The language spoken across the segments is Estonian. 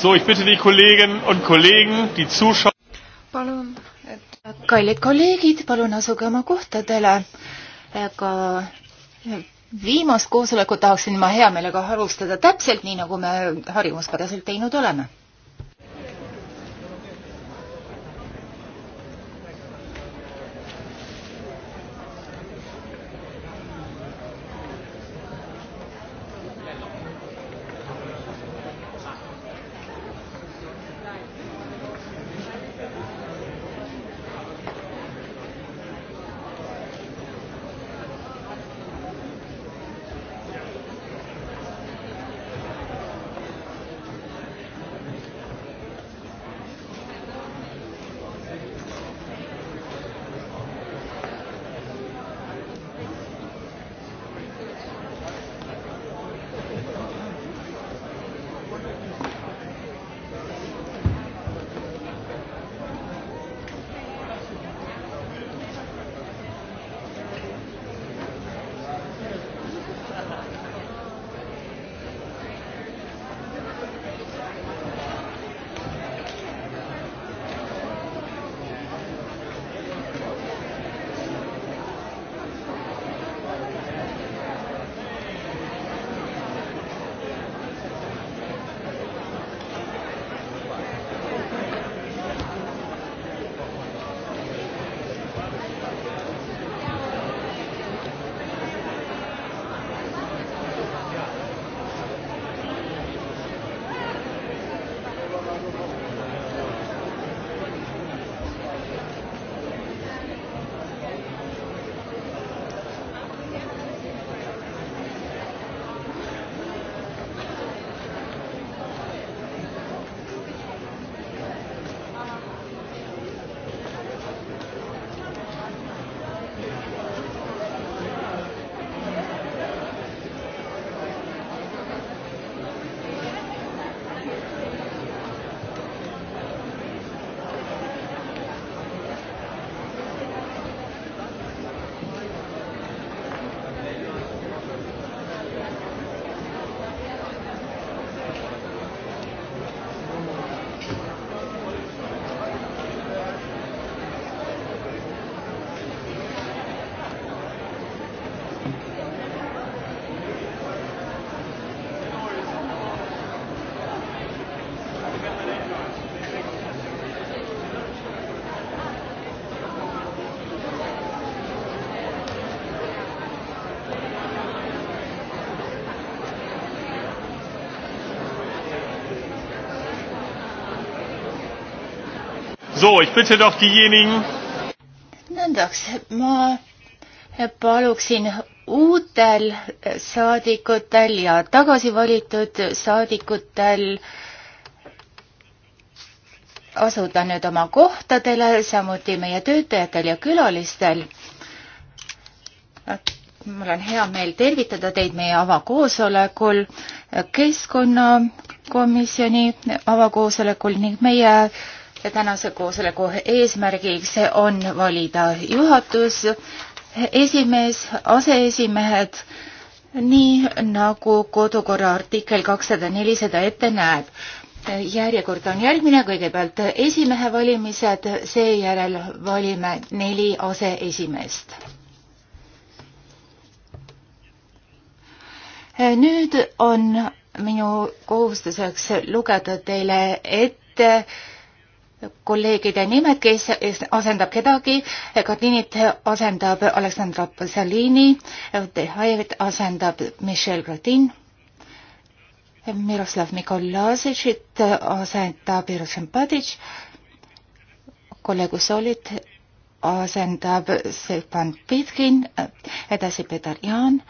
So, ich bitte die Kolleginnen und Kollegen, die Zuschauer. Palun, et... kallid kolleegid, palun asuge oma kohtadele. Ka viimast koosolekut tahaksin ma hea meelega alustada täpselt nii, nagu me harjumuspäraselt teinud oleme So, ich bitte doch diejenigen. Nõndaks, ma paluksin uutel saadikutel ja tagasivalitud saadikutel asuda nüüd oma kohtadele, samuti meie töötajatel ja külalistel. mul on hea meel tervitada teid meie avakoosolekul, keskkonnakomisjoni avakoosolekul ning meie tänase koosoleku eesmärgiks on valida juhatus, esimees, aseesimehed, nii nagu kodukorra artikkel kakssada neli seda ette näeb. järjekord on järgmine, kõigepealt esimehe valimised, seejärel valime neli aseesimeest. nüüd on minu kohustuseks lugeda teile ette kolleegide nimed, kes asendab kedagi. Katinit asendab Aleksandra Pasalini, Dehajevet asendab Michel Gratin, Miroslav Mikolasičit asendab Jaroslav Padic, kolleeg Usolit asendab Stepan Pitkin, edasi Petar Jaan,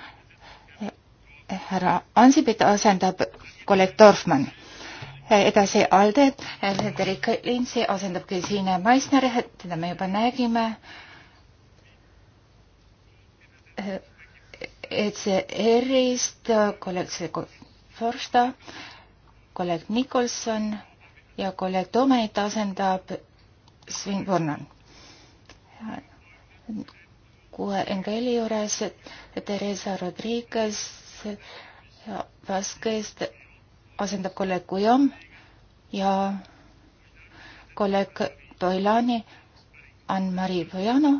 härra Ansipit asendab kolleeg Dorfmann edasi Alde, Frederika Linsi asendab Gesine Meissner, teda me juba nägime. ECR-ist kolleeg Forsta, kolleeg Nikolson ja kolleeg Tomenit asendab Sven Vornan. kuue NGL-i juures Theresa Rodriguez ja Vasquez asendab kolleeg Kujam ja kolleeg Toilani, Ann-Mari Pojano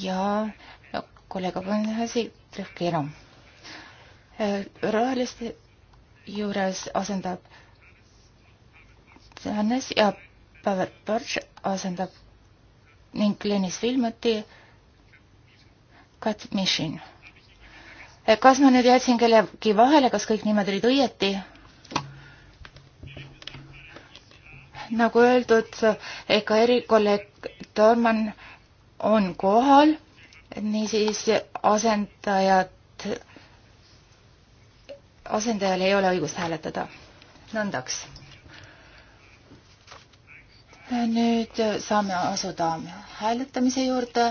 ja kolleeg Abenhasi Trevkeno. Äh, roheliste juures asendab Hannes ja Pavel Porš asendab ning Lenis Vilmuti Kat Mishin. Äh, kas ma nüüd jätsin kellegi vahele, kas kõik nimed olid õieti? nagu öeldud, ega erikolleeg Tormann on kohal, niisiis asendajat, asendajal ei ole õigust hääletada. nõndaks. nüüd saame asuda hääletamise juurde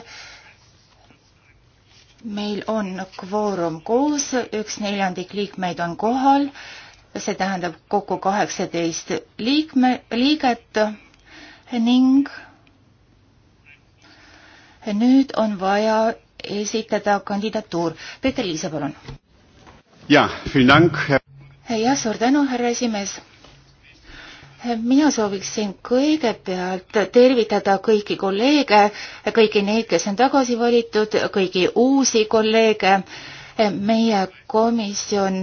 meil on kvoorum koos, üks neljandik liikmeid on kohal see tähendab kokku kaheksateist liikme, liiget ning nüüd on vaja esitada kandidatuur. Peeter Liise, palun. jah, suur tänu, härra esimees mina sooviksin kõigepealt tervitada kõiki kolleege, kõiki neid, kes on tagasi valitud, kõiki uusi kolleege. meie komisjon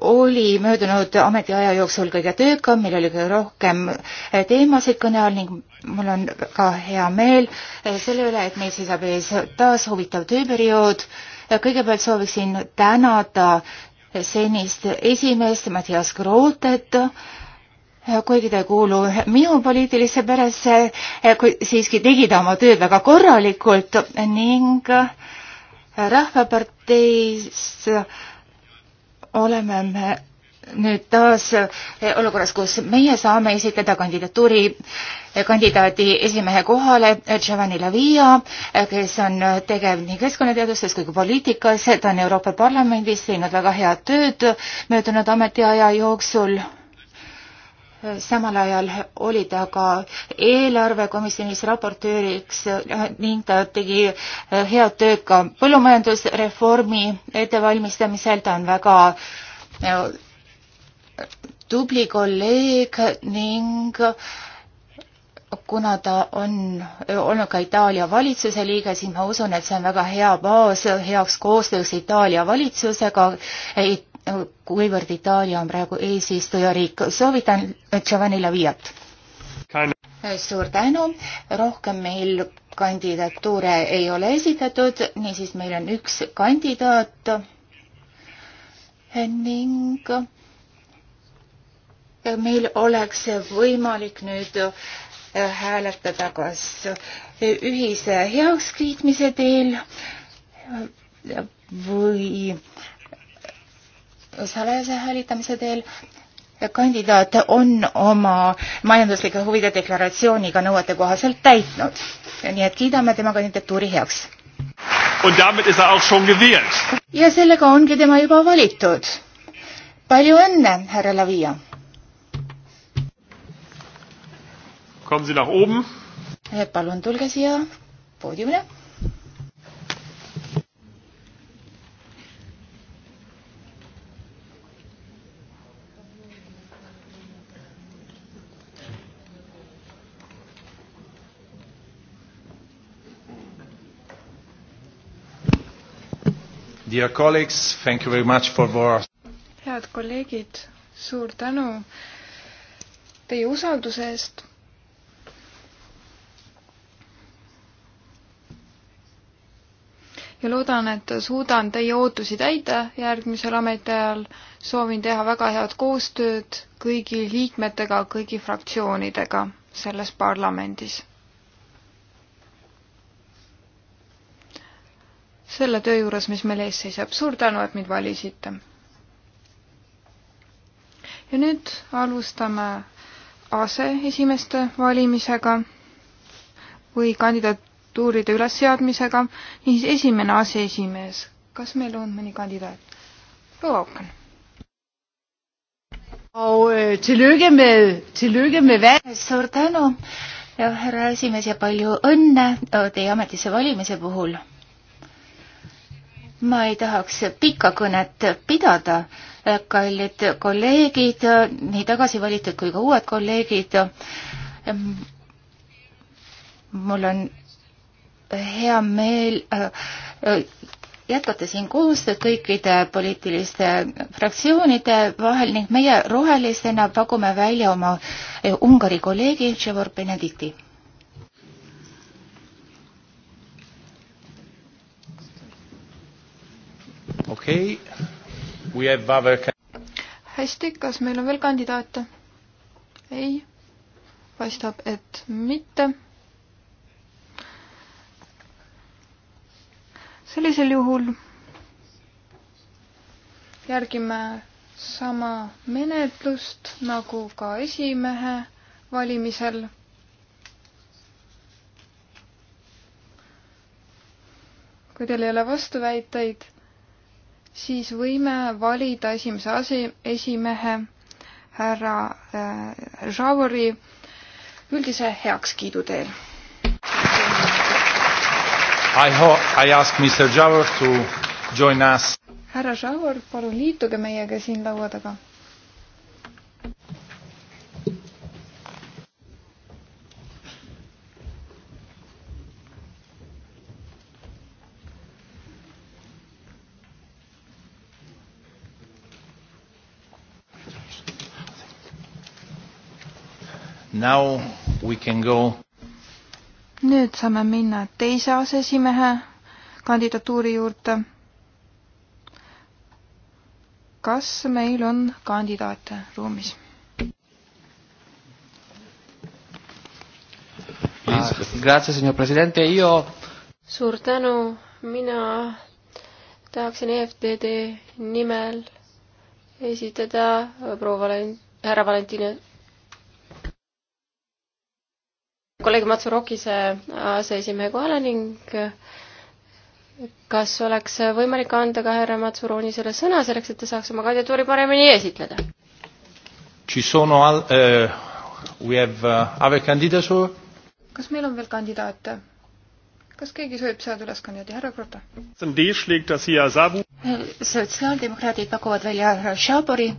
oli möödunud ametiaja jooksul kõige töökam, meil oli kõige rohkem eh, teemasid kõne all ning mul on ka hea meel eh, selle üle, et meil seisab ees taas huvitav tööperiood. kõigepealt sooviksin tänada senist esimeest Mattias Krootet, eh, kuigi ta ei kuulu minu poliitilisse peresse, kuid siiski tegi ta oma tööd väga korralikult ning Rahvaparteis oleme me nüüd taas olukorras, kus meie saame esitada kandidatuuri, kandidaadi esimehe kohale Giovanni Lavia, kes on tegev nii keskkonnateadustes kui ka poliitikas, ta on Euroopa Parlamendis teinud väga head tööd möödunud ametiaja jooksul samal ajal oli ta ka eelarvekomisjonis raportööriks eh, ning ta tegi eh, head tööd ka põllumajandusreformi ettevalmistamisel, ta on väga eh, tubli kolleeg ning kuna ta on olnud ka Itaalia valitsuse liige, siis ma usun, et see on väga hea baas heaks koostöös Itaalia valitsusega, et kuivõrd Itaalia on praegu eesistujariik. soovitan Giovanni Laviat. suur tänu, rohkem meil kandidatuure ei ole esitatud, niisiis meil on üks kandidaat ning meil oleks võimalik nüüd äh, hääletada kas ühise heakskiitmise teel või salajase häälitamise teel. kandidaat on oma majanduslike huvide deklaratsiooniga nõuete kohaselt täitnud, nii et kiidame tema kandidatuuri heaks. Er ja sellega ongi tema juba valitud. palju õnne, härra Lavia! palun tulge siia poodiumile Dear colleagues, thank you very much for your head kolleegid, suur tänu teie usalduse eest. ja loodan, et suudan teie ootusi täida järgmisel ametiajal. soovin teha väga head koostööd kõigi liikmetega, kõigi fraktsioonidega selles parlamendis selle töö juures, mis meil ees seisab. suur tänu, et mind valisite. ja nüüd alustame aseesimeeste valimisega või kandidatuuride ülesseadmisega. niisiis, esimene aseesimees, kas meil on mõni kandidaat? proua Auken. Øh, suur tänu, härra esimees ja palju õnne äh, teie ametisse valimise puhul ma ei tahaks pikka kõnet pidada, kallid kolleegid, nii tagasivalitud kui ka uued kolleegid. mul on hea meel äh, jätkata siin koostööd kõikide poliitiliste fraktsioonide vahel ning meie rohelistena pakume välja oma äh, Ungari kolleegi Tševor Benedikti okei okay., we have other hästi, kas meil on veel kandidaate? ei, paistab, et mitte. sellisel juhul järgime sama menetlust nagu ka esimehe valimisel. kui teil ei ole vastuväiteid siis võime valida esimese ase, esimehe härra äh, Žavori üldise heakskiidu teel. I, I ask Mr Javor to join us. härra Žavor, palun liituge meiega siin laua taga Now we can go nüüd saame minna teise aseesimehe kandidatuuri juurde. kas meil on kandidaate ruumis? suur tänu, mina tahaksin EFTD nimel esitada proua Valent-, härra Valentine kolleeg Matsurokise aseesimehe kohale ning kas oleks võimalik anda ka härra Matsuronisele sõna selleks, et ta saaks oma kandidatuuri paremini esitleda? Eh, eh, kas meil on veel kandidaate? kas keegi soovib seada üles kandidaadi, härra Krota? sotsiaaldemokraadid pakuvad välja härra Šabori.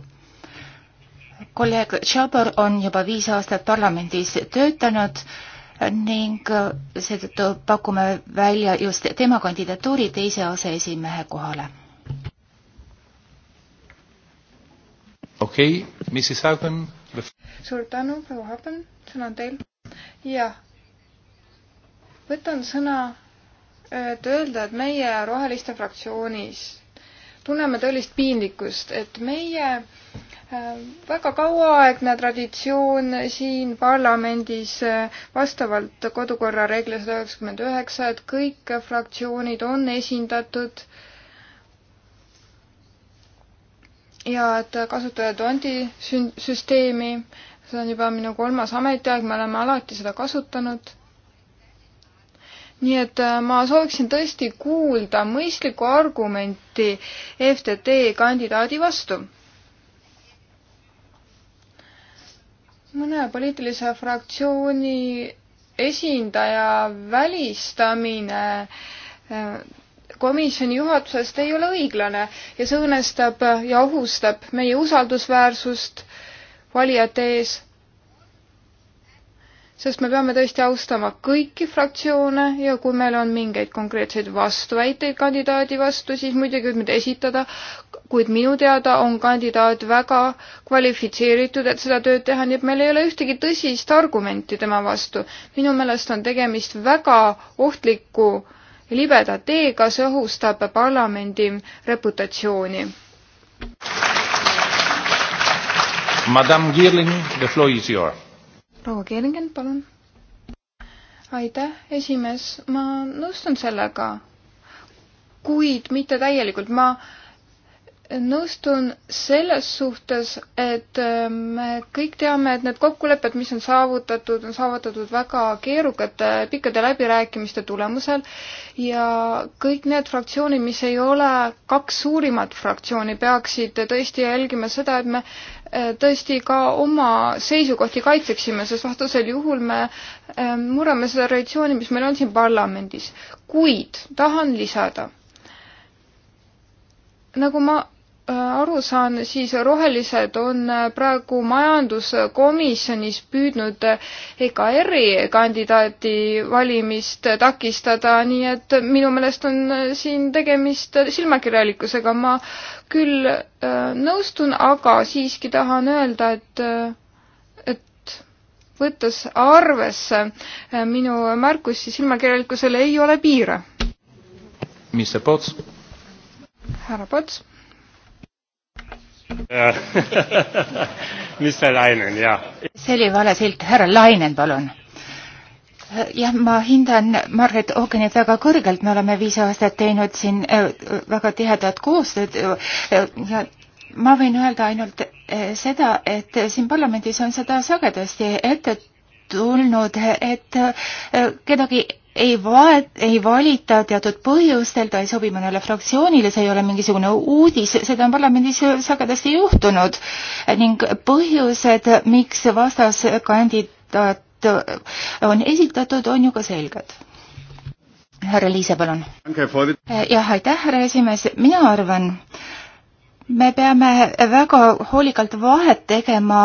kolleeg Šabor on juba viis aastat parlamendis töötanud ning äh, seetõttu pakume välja just tema kandidatuuri teise aseesimehe kohale. okei okay,, Mrs Haugen. suur tänu, proua Haugen, sõna on teil. jah, võtan sõna, äh, et öelda, et meie Roheliste fraktsioonis tunneme tõelist piinlikkust, et meie äh, väga kauaaegne traditsioon siin parlamendis eh, vastavalt kodukorra reeglile sada üheksakümmend üheksa, et kõik fraktsioonid on esindatud ja et kasutada tondi süsteemi, see on juba minu kolmas ametiaeg, me oleme alati seda kasutanud nii et eh, ma sooviksin tõesti kuulda mõistlikku argumenti FTT kandidaadi vastu mõne poliitilise fraktsiooni esindaja välistamine eh, komisjoni juhatusest ei ole õiglane ja see õõnestab ja ohustab meie usaldusväärsust valijate ees sest me peame tõesti austama kõiki fraktsioone ja kui meil on mingeid konkreetseid vastuväiteid kandidaadi vastu, siis muidugi võib neid esitada, kuid minu teada on kandidaat väga kvalifitseeritud, et seda tööd teha, nii et meil ei ole ühtegi tõsist argumenti tema vastu. minu meelest on tegemist väga ohtliku libeda teega, see ohustab parlamendi reputatsiooni. Madame Girling, the floor is yours proua Kergen, palun. aitäh, esimees, ma nõustun sellega, kuid mitte täielikult, ma äh, nõustun selles suhtes, et ähm, me kõik teame, et need kokkulepped, mis on saavutatud, on saavutatud väga keerukate pikkade läbirääkimiste tulemusel ja kõik need fraktsioonid, mis ei ole kaks suurimat fraktsiooni, peaksid tõesti jälgima seda, et me äh, tõesti ka oma seisukohti kaitseksime, sest vastasel juhul me ähm, murrame seda traditsiooni, mis meil on siin parlamendis. kuid tahan lisada, nagu ma aru saan, siis rohelised on äh, praegu majanduskomisjonis püüdnud äh, EKR-i kandidaati valimist takistada, nii et minu meelest on äh, siin tegemist silmakirjalikkusega. ma küll nõustun, aga siiski tahan öelda, et, et võttes arvesse minu märkusi silmakirjalikkusele ei ole piire. mis see Pots? härra Pots mis see Lainen, jah. see oli vale silt, härra Lainen, palun. jah, ma hindan Margaret Ookenit väga kõrgelt, me oleme viis aastat teinud siin äh, väga tihedat koostööd ja ma võin öelda ainult äh, seda, et siin parlamendis on seda sagedasti ette tulnud, et äh, kedagi ei vaet-, ei valita teatud põhjustel, ta ei sobi mõnele fraktsioonile, see ei ole mingisugune uudis, seda on parlamendis sagedasti juhtunud ning põhjused, miks vastaskandidaat on esitatud, on ju ka selged härra Liise, palun. jah, aitäh, härra esimees, mina arvan, me peame väga hoolikalt vahet tegema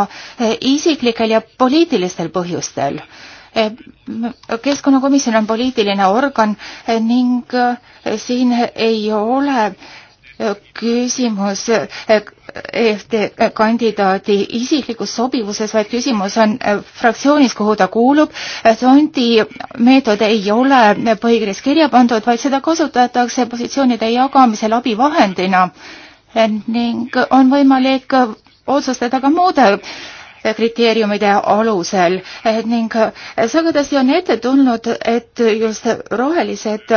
isiklikel ja poliitilistel põhjustel Eh, keskkonnakomisjon on poliitiline organ eh, ning eh, siin ei ole küsimus EFT kandidaadi isiklikus sobivuses, vaid küsimus on fraktsioonis, kuhu ta kuulub. Sondi meetod ei ole põhikirjas kirja pandud, vaid seda kasutatakse positsioonide jagamisel abivahendina ning on võimalik otsustada ka muude kriteeriumide alusel ning sagedasti on ette tulnud, et just rohelised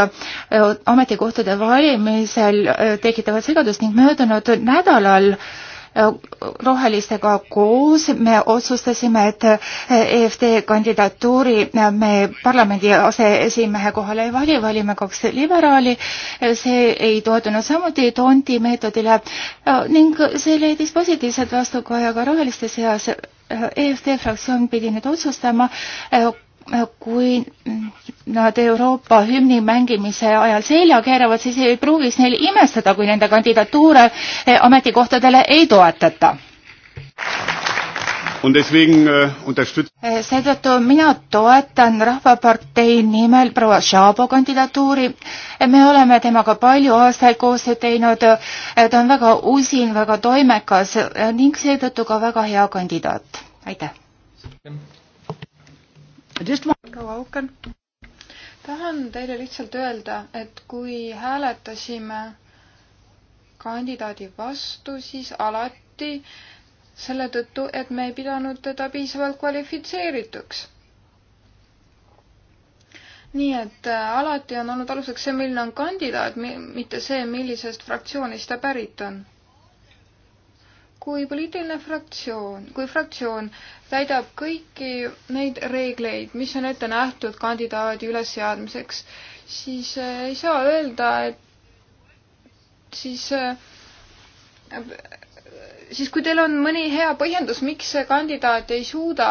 ametikohtade valimisel tekitavad segadust ning möödunud nädalal rohelistega koos me otsustasime, et EFD kandidatuuri me parlamendi aseesimehe kohale ei vali, valime kaks liberaali. see ei toetunud samuti Tonti meetodile ning see leidis positiivset vastukaja ka roheliste seas EFD fraktsioon pidi nüüd otsustama, eh, kui nad Euroopa hümni mängimise ajal selja keeravad, siis ei pruugiks neil imestada, kui nende kandidatuure eh, ametikohtadele ei toetata. Äh, äh, seetõttu mina toetan Rahvapartei nimel proua Šaabo kandidatuuri. Äh, me oleme temaga palju aastaid koostööd teinud, ta on väga usin, väga toimekas ning seetõttu ka väga hea kandidaat. aitäh! tahan teile lihtsalt öelda, et kui hääletasime kandidaadi vastu, siis alati äh, selle tõttu, et me ei pidanud teda piisavalt kvalifitseerituks. nii et äh, alati on olnud aluseks see, milline on kandidaat, mitte see, millisest fraktsioonist ta pärit on. kui poliitiline fraktsioon, kui fraktsioon täidab kõiki neid reegleid, mis on ette nähtud kandidaadi ülesseadmiseks, siis äh, ei saa öelda, et siis äh, siis kui teil on mõni hea põhjendus, miks see kandidaat ei suuda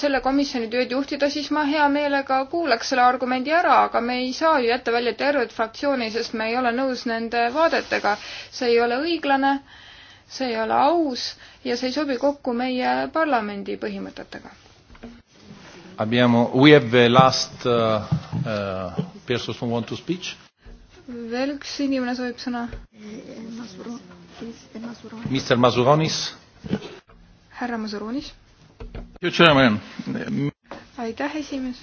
selle komisjoni tööd juhtida, siis ma hea meelega kuulaks selle argumendi ära, aga me ei saa ju jätta välja tervet fraktsiooni, sest me ei ole nõus nende vaadetega. see ei ole õiglane, see ei ole aus ja see ei sobi kokku meie parlamendi põhimõtetega. Abbiamo, we have the last uh, uh, person who want to speech veel üks inimene soovib sõna. Mr Masuronis. härra Masuronis. aitäh, esimees.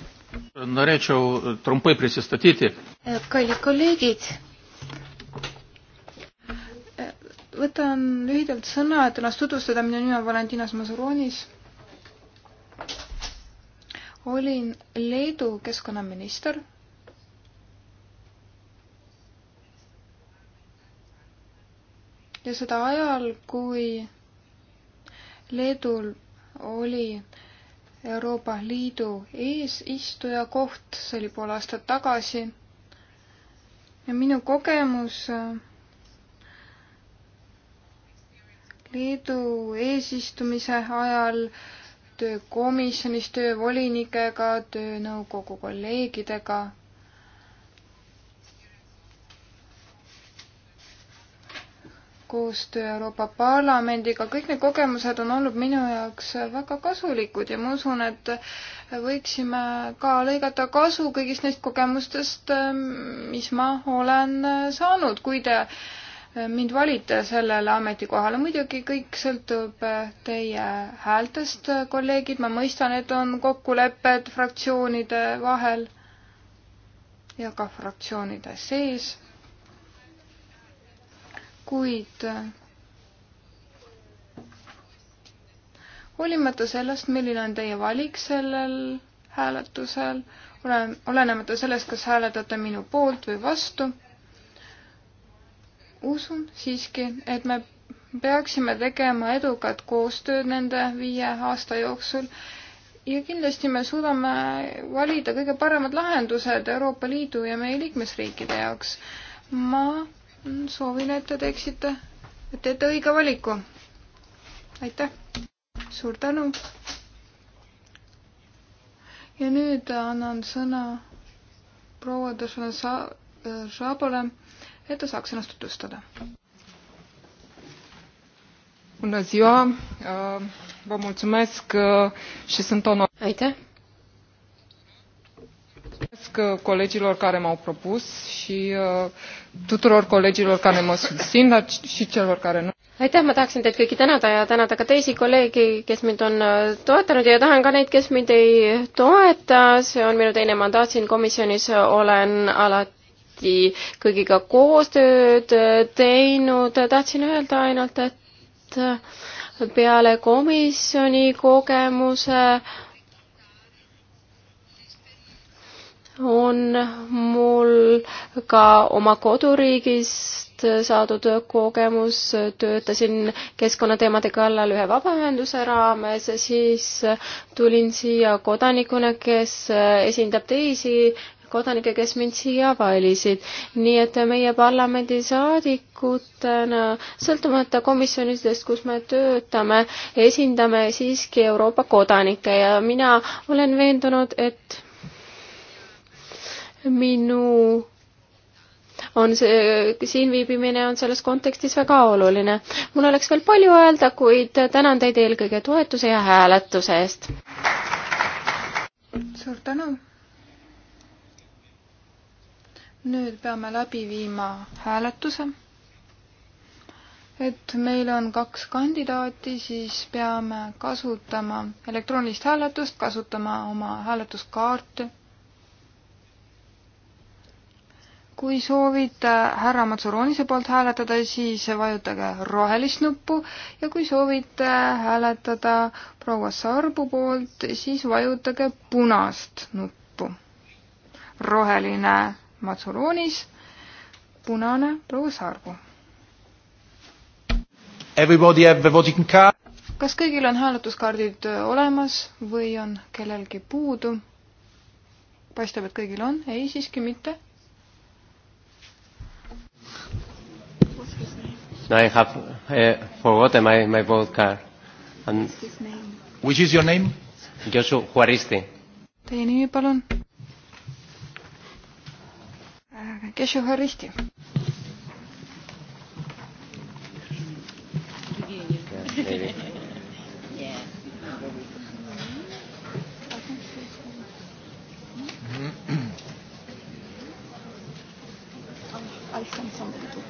kallid kolleegid. võtan lühidalt sõna, et ennast tutvustada, minu nimi on Valentinas Masuronis. olin Leedu keskkonnaminister ja seda ajal, kui Leedul oli Euroopa Liidu eesistuja koht, see oli pool aastat tagasi. ja minu kogemus äh, Leedu eesistumise ajal töö komisjonis, töö volinikega, töö nõukogu kolleegidega koostöö Euroopa Parlamendiga, kõik need kogemused on olnud minu jaoks väga kasulikud ja ma usun, et võiksime ka lõigata kasu kõigist neist kogemustest, mis ma olen saanud, kui te mind valite sellele ametikohale. muidugi kõik sõltub teie häältest, kolleegid, ma mõistan, et on kokkulepped fraktsioonide vahel ja ka fraktsioonide sees kuid hoolimata sellest, milline on teie valik sellel hääletusel, olen, olenemata sellest, kas hääletate minu poolt või vastu, usun siiski, et me peaksime tegema edukat koostööd nende viie aasta jooksul ja kindlasti me suudame valida kõige paremad lahendused Euroopa Liidu ja meie liikmesriikide jaoks. ma soovin, et te teeksite, et teete õige valiku. aitäh, suur tänu. ja nüüd annan sõna proua Dušan Šabole, et ta saaks ennast tutvustada. aitäh mulțumesc uh, colegilor care m-au propus și uh, tuturor colegilor care mă susțin, dar și celor care nu. aitäh, ma tahaksin teid kõiki tänada ja tänada ka teisi kolleege, kes mind on äh, toetanud ja tahan ka neid, kes mind ei toeta, see on minu teine mandaat siin komisjonis, olen alati kõigiga koostööd äh, teinud, tahtsin öelda ainult, et äh, peale komisjoni kogemuse äh, on mul ka oma koduriigist saadud kogemus, töötasin keskkonnateemade kallal ühe vabaühenduse raames, siis tulin siia kodanikuna, kes esindab teisi kodanikke, kes mind siia valisid. nii et meie parlamendisaadikutena, sõltumata komisjonidest, kus me töötame, esindame siiski Euroopa kodanikke ja mina olen veendunud, et minu on see, siin viibimine on selles kontekstis väga oluline. mul oleks veel palju öelda, kuid tänan teid eelkõige toetuse ja hääletuse eest. suur tänu. nüüd peame läbi viima hääletuse. et meil on kaks kandidaati, siis peame kasutama elektroonilist hääletust, kasutama oma hääletuskaarte kui soovite äh, härra Matsuroonise poolt hääletada, siis vajutage rohelist nuppu ja kui soovite äh, hääletada proua Sarbu poolt, siis vajutage punast nuppu. roheline Matsuroonis, punane proua Sarbu. kas kõigil on hääletuskaardid äh, olemas või on kellelgi puudu? paistab, et kõigil on, ei siiski mitte No, I have uh, forgotten my, my vote card. And his name? Which is your name? Josu Juaristi. Teie nimi, palun? Äh, Josu Juaristi. Yeah, maybe. some, some, some.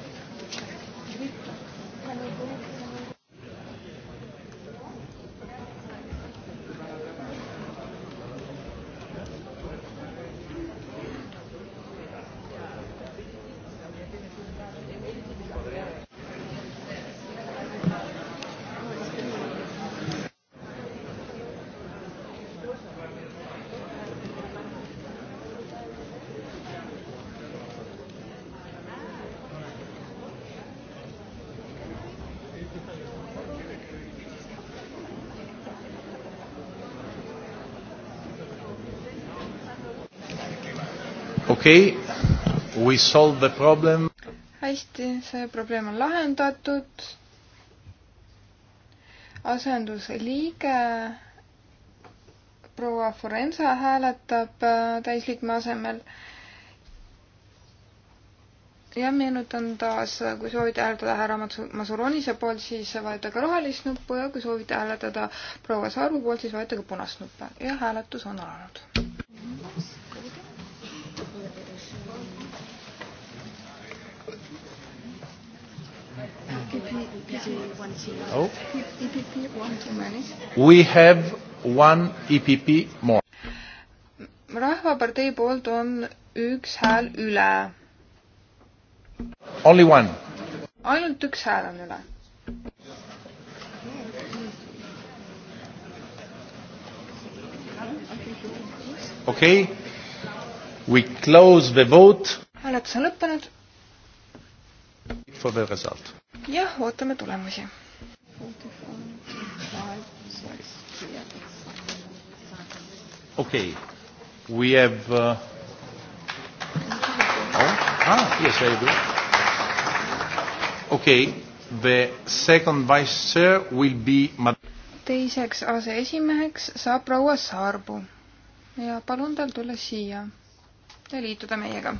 okei okay., we solve the problem. hästi, see probleem on lahendatud. asendusliige proua Forenza hääletab äh, täisliikme asemel. ja meenutan taas, äh, kui soovite hääletada härra Masuronise poolt, siis vajutage rohelist nuppu ja kui soovite hääletada proua Saru poolt, siis vajutage punast nuppu ja hääletus on alanud. Oh. We have one EPP more. rahvapartei poolt on üks hääl üle. Only one. ainult üks hääl on üle. okei okay., we close the vote. hääletus on lõppenud. For the result jah, ootame tulemusi. okei okay., we have uh.... Oh, ah, yes, I do. okei okay., the second vice chair will be. teiseks aseesimeheks saab proua Saarbu ja palun tal tulla siia ja liituda meiega.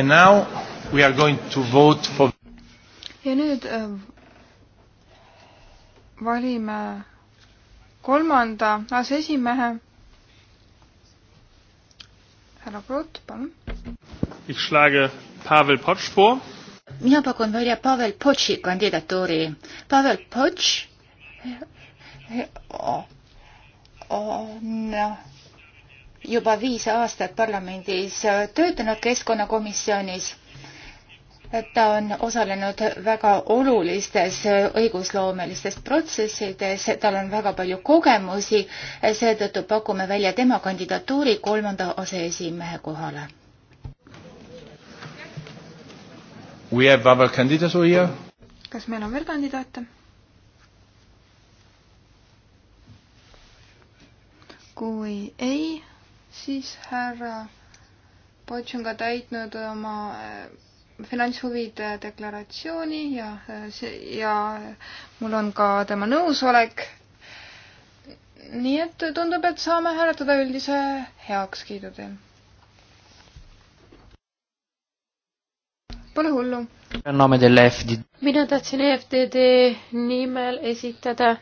And now we are going to vote for ja nüüd äh, valime kolmanda aseesimehe. härra Brot, palun. Ich schlage Pavel Potsch vor. mina pakun välja Pavel Potši kandidatuuri. Pavel Potš äh, äh, on oh, oh, no juba viis aastat parlamendis töötanud keskkonnakomisjonis. ta on osalenud väga olulistes õigusloomelistes protsessides, tal on väga palju kogemusi, seetõttu pakume välja tema kandidatuuri kolmanda aseesimehe kohale. kas meil on veel kandidaate? kui ei, siis härra Potš on ka täitnud oma äh, finantshuvide deklaratsiooni ja äh, see ja mul on ka tema nõusolek. nii et tundub, et saame hääletada üldise heakskiidu teel. Pole hullu. mina tahtsin EFTD nimel esitada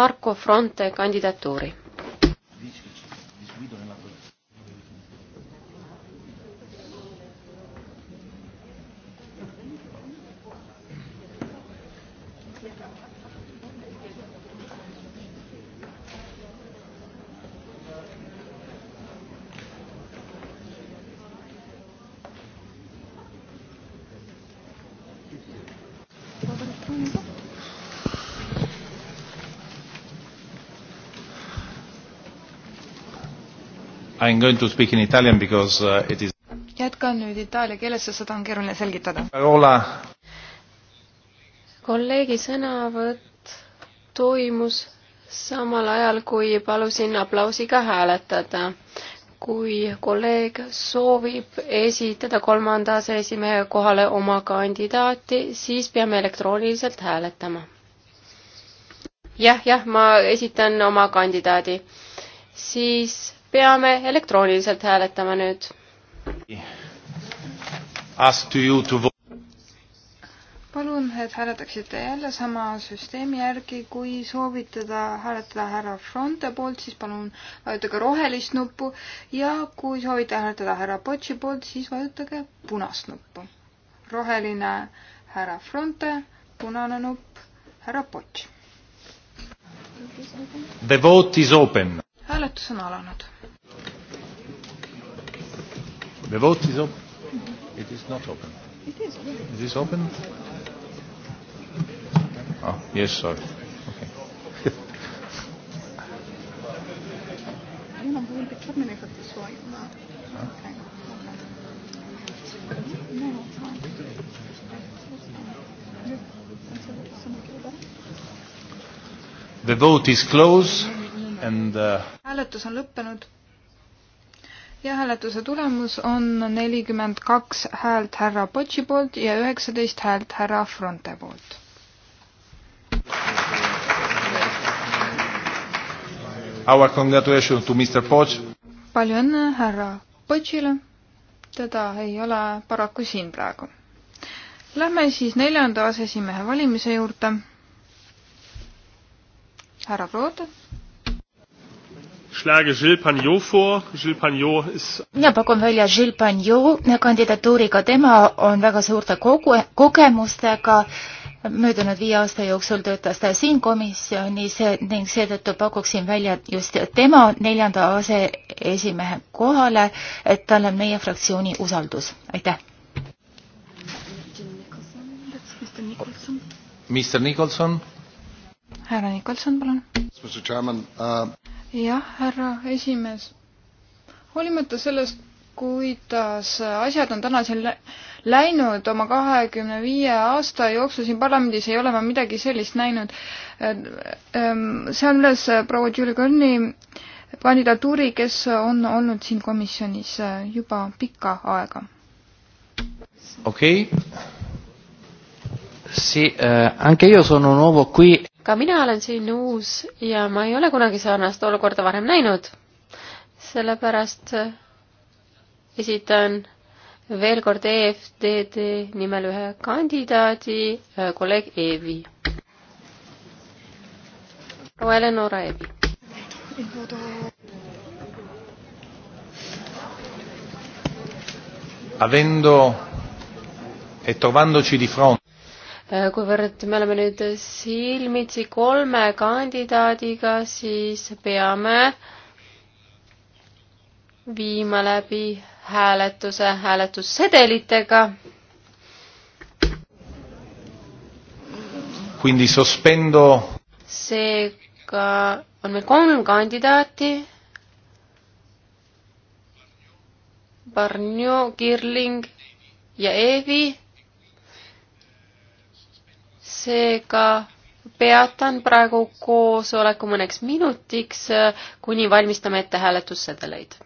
Marko Fronte kandidatuuri I am going to speak in Italian because uh, it is jätkan nüüd itaalia keeles, sest seda on keeruline selgitada. kolleegi sõnavõtt toimus samal ajal, kui palusin aplausiga hääletada. kui kolleeg soovib esitada kolmanda aseesimehe kohale oma kandidaati, siis peame elektrooniliselt hääletama ja,. jah, jah, ma esitan oma kandidaadi. siis peame elektrooniliselt hääletama nüüd. palun, et hääletaksite jälle sama süsteemi järgi, kui soovitada hääletada härra Fronte poolt, siis palun vajutage rohelist nuppu ja kui soovite hääletada härra Potši poolt, siis vajutage punast nuppu. roheline härra Fronte, punane nupp härra Potš. The vote is open. hääletus on alanud The vote is open. It is not open. It is open. It is open. Oh, ah, yes, sorry. Okay. Io non voglio impegnarmi nei fatti suoi, ma... Ah. Ok. No, no, The vote is closed and... Uh... Hääletus on lõppenud ja hääletuse tulemus on nelikümmend kaks häält härra Potši poolt ja üheksateist häält härra Fronte poolt. Our congratulations to Mr Potš. palju õnne härra Potšile. teda ei ole paraku siin praegu. Lähme siis neljanda aseesimehe valimise juurde. härra Proota schlage Gilles Pagnot vor. Gilles Pagnot ist... mina pakun välja Gilles Pagnot kandidatuuriga, tema on väga suurte kogu-, kogemustega, möödunud viie aasta jooksul töötas ta siin komisjonis ning seetõttu pakuksin välja just tema neljanda aseesimehe kohale, et tal on meie fraktsiooni usaldus, aitäh. Mr Nicholson. härra Nicholson, palun jah, härra esimees. hoolimata sellest, kuidas asjad on täna siin läinud oma kahekümne viie aasta jooksul siin parlamendis ei ole ma midagi sellist näinud. Äh, ähm, sean üles äh, proua Julie Konni kandidatuuri, kes on olnud siin komisjonis äh, juba pikka aega. okei okay.. Sì, eh, anche io sono nuovo qui ka mina olen siin uus ja ma ei ole kunagi sarnast olukorda varem näinud. sellepärast esitan veel kord EFDD nimel ühe kandidaadi, kolleeg Eevi. proua Eleonora Eevi. Avendo e trovandoci di fronte Äh, kuivõrd me oleme nüüd silmitsi kolme kandidaadiga, siis peame viima läbi hääletuse hääletussedelitega. seega on meil kolm kandidaati Barnio, Kirling ja Eevi seega peatan praegu koosoleku mõneks minutiks, kuni valmistame ette hääletussedeleid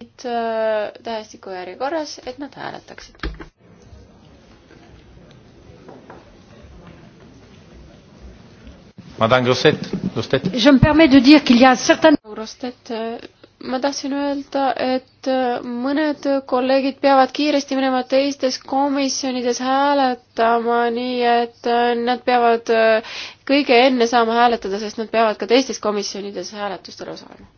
Äh, tähestiku järjekorras, et nad hääletaksid. Madame Grosset, Grosset. Je me permets de dire qu'il y a certain... Grosset, äh, ma tahtsin öelda, et äh, mõned kolleegid peavad kiiresti minema teistes komisjonides hääletama, nii et nad peavad kõige enne saama hääletada, sest nad peavad ka teistes komisjonides hääletustel osalema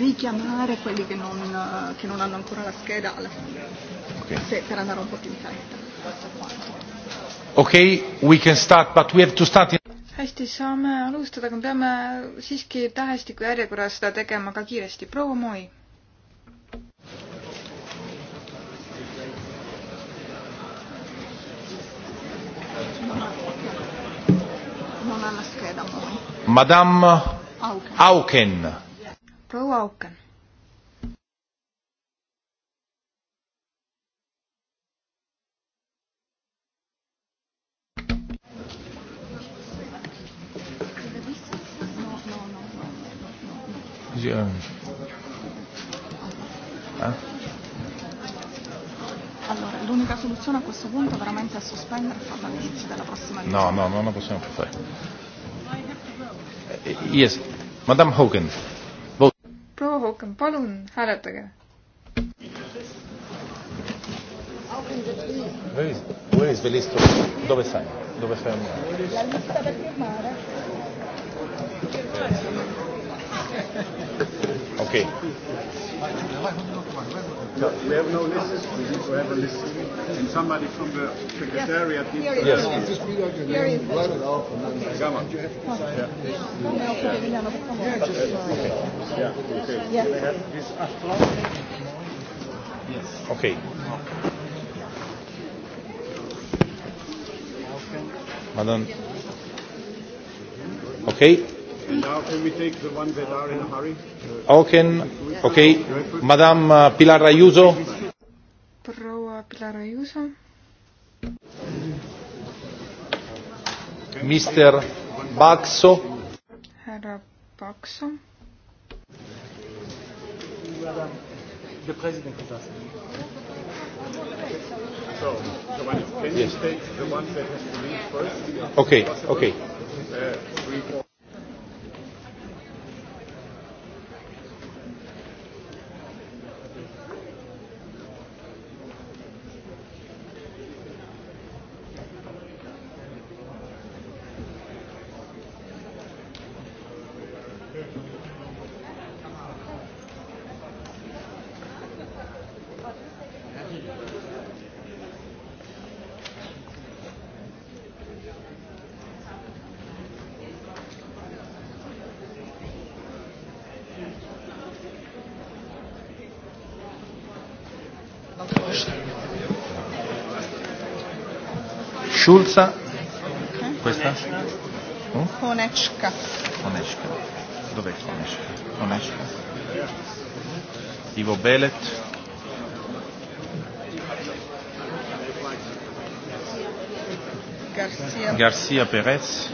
richiamare quelli che non, eh, che non hanno ancora la scheda alla fine, okay. se, per andare un po' più in fretta. Questo è quanto. Ok, we can start, but we have to start in hästi, saame alustada, aga peame siiski tähestiku järjekorras seda tegema ka kiiresti. proua Moi. Madame Auken, Auken proua Auken. Sie ähm, ah. Allora, l'unica soluzione a questo punto è veramente è sospendere e farla all'inizio della prossima riunione. No, no, non la possiamo fare. Eh, yes, Madame Hogan rohkem, palun hääletage. Where is the list of dove sai? Dove sai? La lista da firmare. Ok. Yeah. We have no list. We need to have a list. And somebody from the secretariat yes. needs to yes. have a list. Here is Write it out and then Come on. You have to decide. Yeah. Yeah. Yeah. Just, uh, okay. Yeah. Okay. Yeah. Can I have this after? Yes. Okay. Madam. Okay. And now can we take the ones that are in a hurry? Uh, okay, okay. Madame uh, Pilar Ayuso. proua Pilar Ayuso. Mister Bakso. härra Bakso. The president is asking. So, the one, can yes. you take the one that has to leave first? Okay, okay. Uh, Schulza. Questa? Hm? Onecka. Onecka. Dov'è Onecka? Onecka. Ivo Belet. Garcia. Garcia Perez.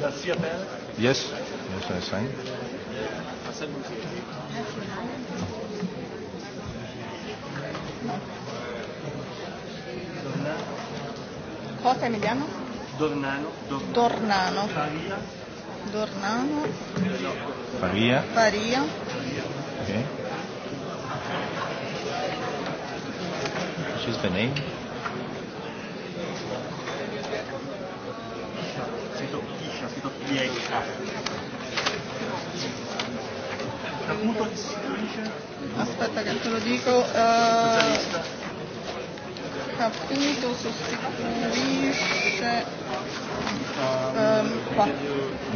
Garcia Perez. Yes. Yes, I sign. Hassan Boutier. Rota Emiliano? Dornano. Dornano. Faria. Dornano. Faria. Faria. Okay. Which is the name? Aspetta che te lo dico. Uh, have finito, sostituisce um, qua.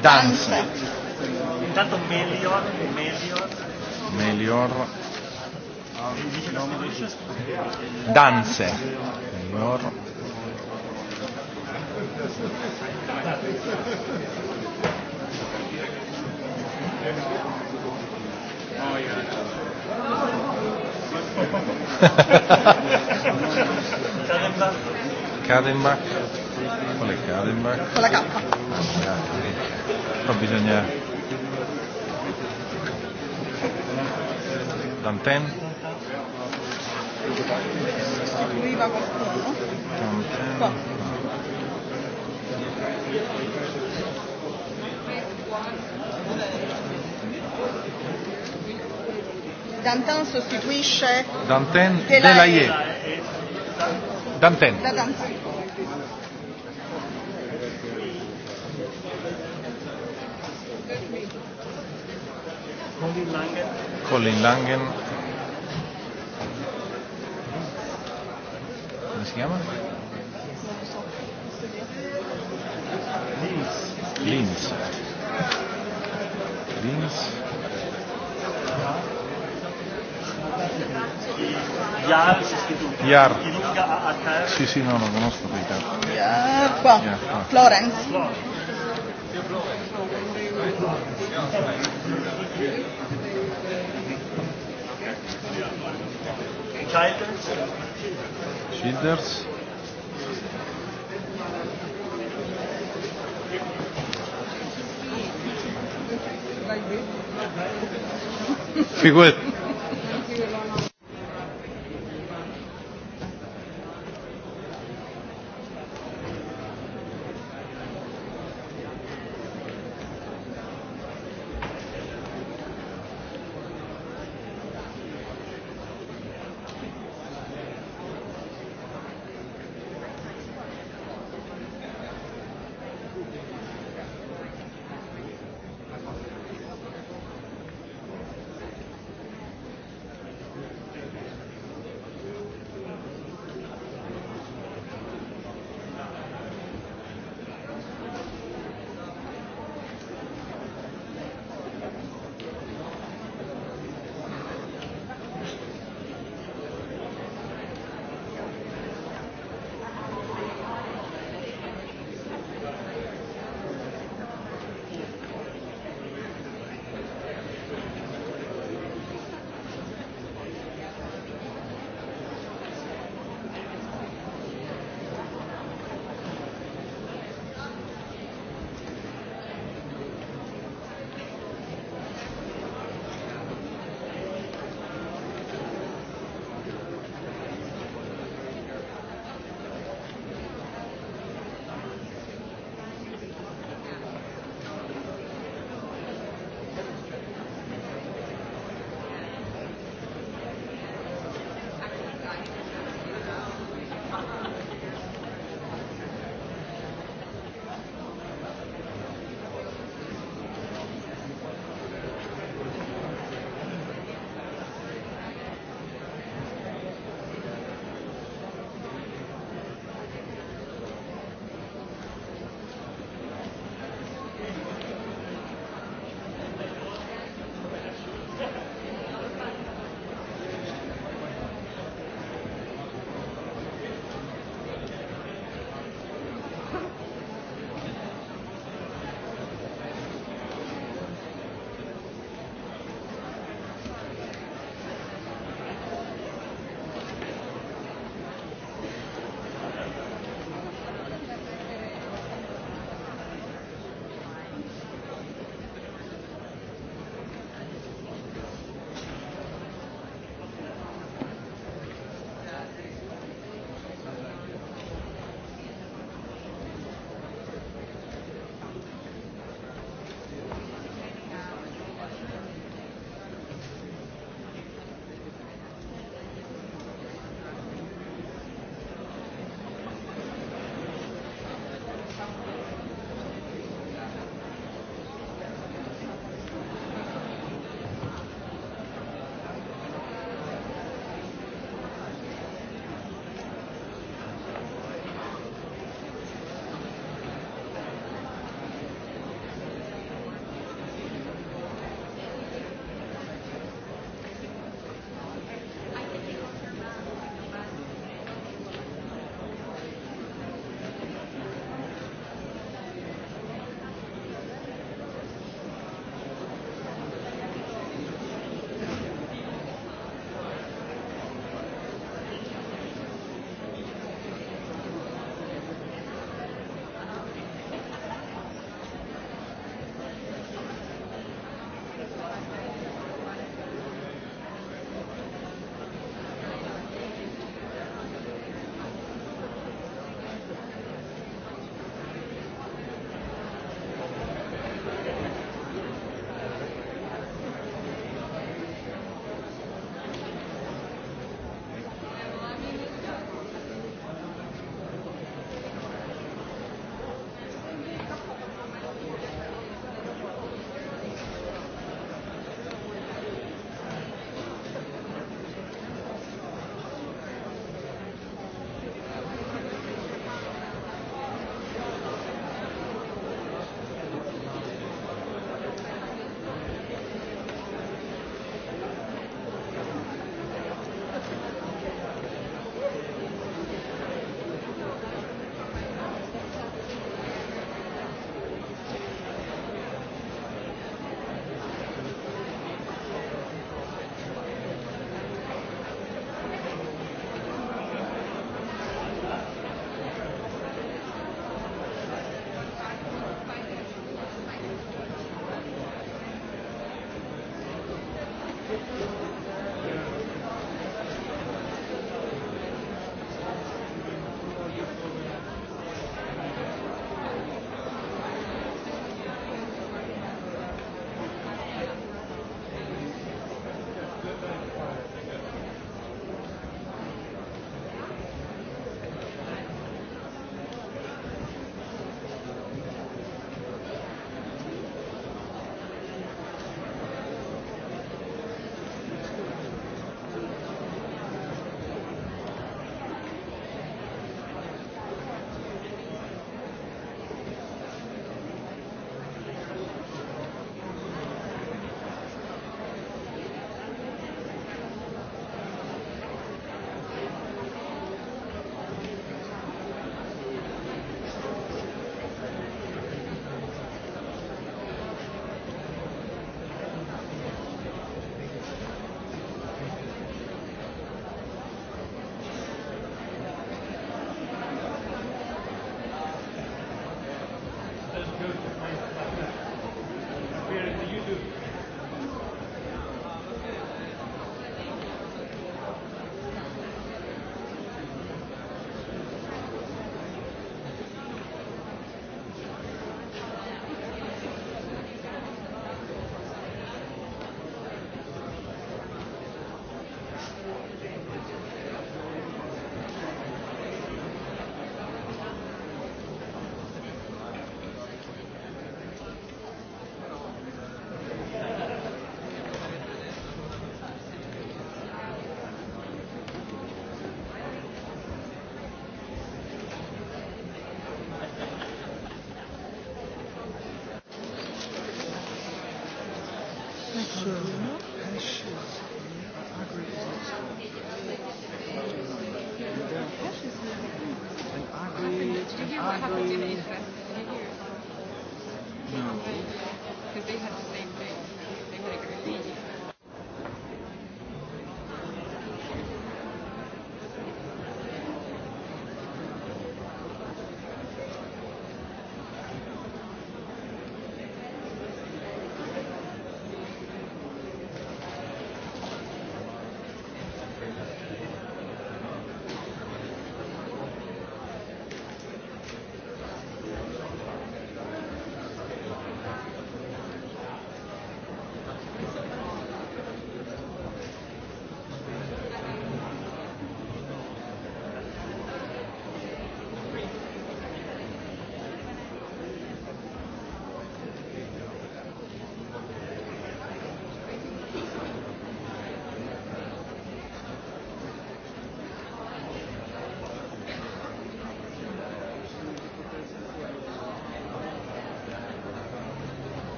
Danza. Intanto Melior, Melior. Melior. Danze. Melior. Oh, yeah. Kadenbach? Quale Kadenbach? Con la K. Però bisogna... Danten? Sostituiva qualcuno? Danten? Qua. Dantin sostituisce Dantin Delaye. Delaye. Danten. La Danten. Colin Langen. Colin Langen. ¿Cómo se llama? Lins. Lins. Lins. Yar, Yar. Sì, sì, no, lo conosco quei cazzo. Yar, qua. Yar, qua. Florence. Childers. Childers. Figurati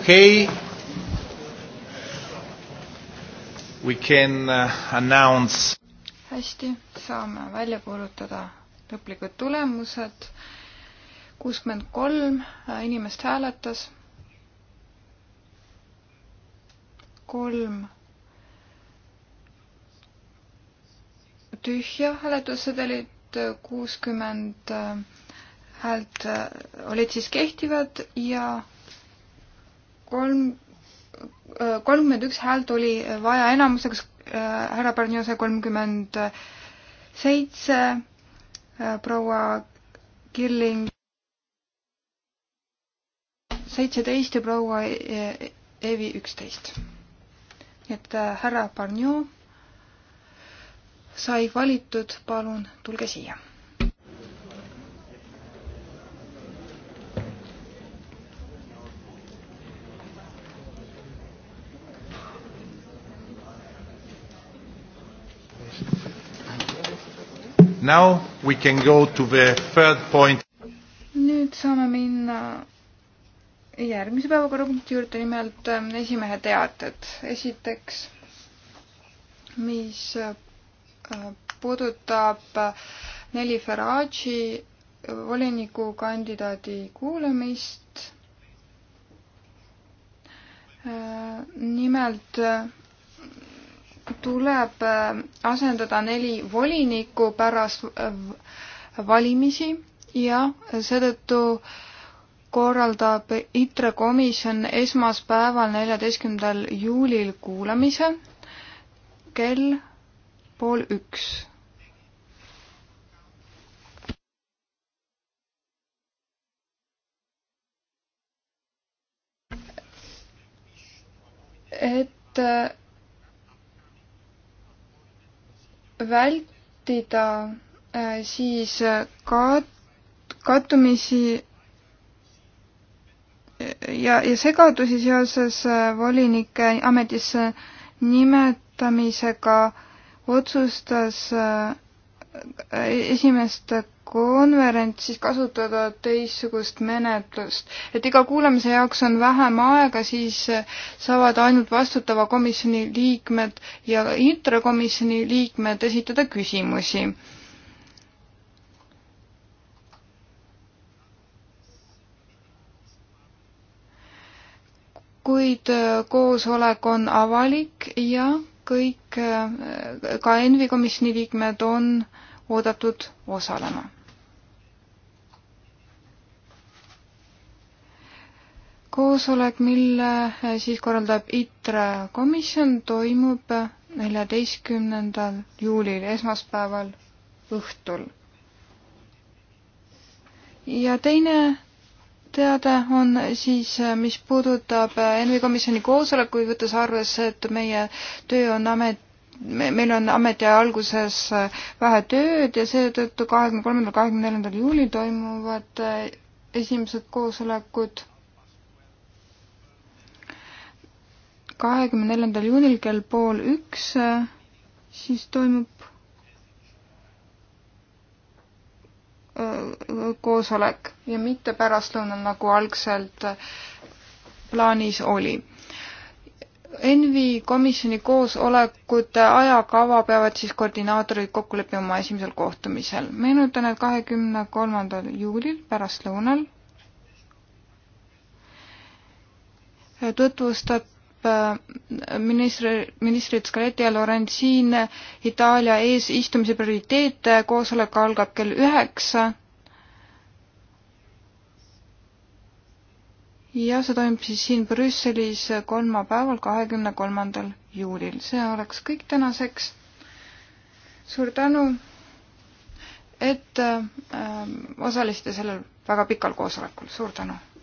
Okay. We can uh, announce. hästi, saame välja kuulutada lõplikud tulemused. kuuskümmend kolm äh, inimest hääletas. kolm tühja hääletussedelit, kuuskümmend äh, häält äh, olid siis kehtivad ja kolm, äh, kolmkümmend üks häält oli vaja enamuseks, äh, härra Pärniuse kolmkümmend seitse, äh, proua Kirling seitseteist ja proua Eevi üksteist. nii et härra Barnjou sai valitud, palun tulge siia Now we can go to the third point. nüüd saame minna järgmise päevakorrapunkti juurde, nimelt ähm, esimehe teated. esiteks, mis äh, puudutab äh, Nelli Farage'i äh, volinikukandidaadi kuulamist. nimelt tuleb äh, asendada neli volinikku pärast äh, valimisi ja seetõttu korraldab ITRE komisjon esmaspäeval, neljateistkümnendal juulil kuulamise kell pool üks. et äh, vältida äh, siis kat-, kattumisi ja, ja segadusi seoses äh, volinike ametisse nimetamisega otsustas äh, esimest konverentsis kasutada teistsugust menetlust, et iga kuulamise jaoks on vähem aega, siis saavad ainult vastutava komisjoni liikmed ja intrakomisjoni liikmed esitada küsimusi. kuid äh, koosolek on avalik ja kõik, äh, ka ENVI komisjoni liikmed on oodatud osalema koosolek, mille eh, siis korraldab ITRE komisjon, toimub neljateistkümnendal juulil, esmaspäeval õhtul. ja teine teade on siis, eh, mis puudutab eh, ENVI komisjoni koosolekuid, võttes arvesse, et meie töö on amet, meil on ametiaja alguses vähe tööd ja seetõttu kahekümne kolmandal, kahekümne neljandal juulil toimuvad esimesed koosolekud kahekümne neljandal juunil kell pool üks, äh, siis toimub äh, koosolek ja mitte pärastlõunal, nagu algselt äh, plaanis oli. ENVI komisjoni koosolekute ajakava peavad siis koordinaatorid kokku leppima oma esimesel kohtumisel. meenutan, et kahekümne kolmandal juulil pärastlõunal tutvustab ministri, ministrid Scaletti ja Lorenzin Itaalia eesistumise prioriteete, koosolek algab kell üheksa. ja see toimub siis siin Brüsselis kolmapäeval, kahekümne kolmandal juulil. see oleks kõik tänaseks. suur tänu, et äh, osalesite sellel väga pikal koosolekul, suur tänu!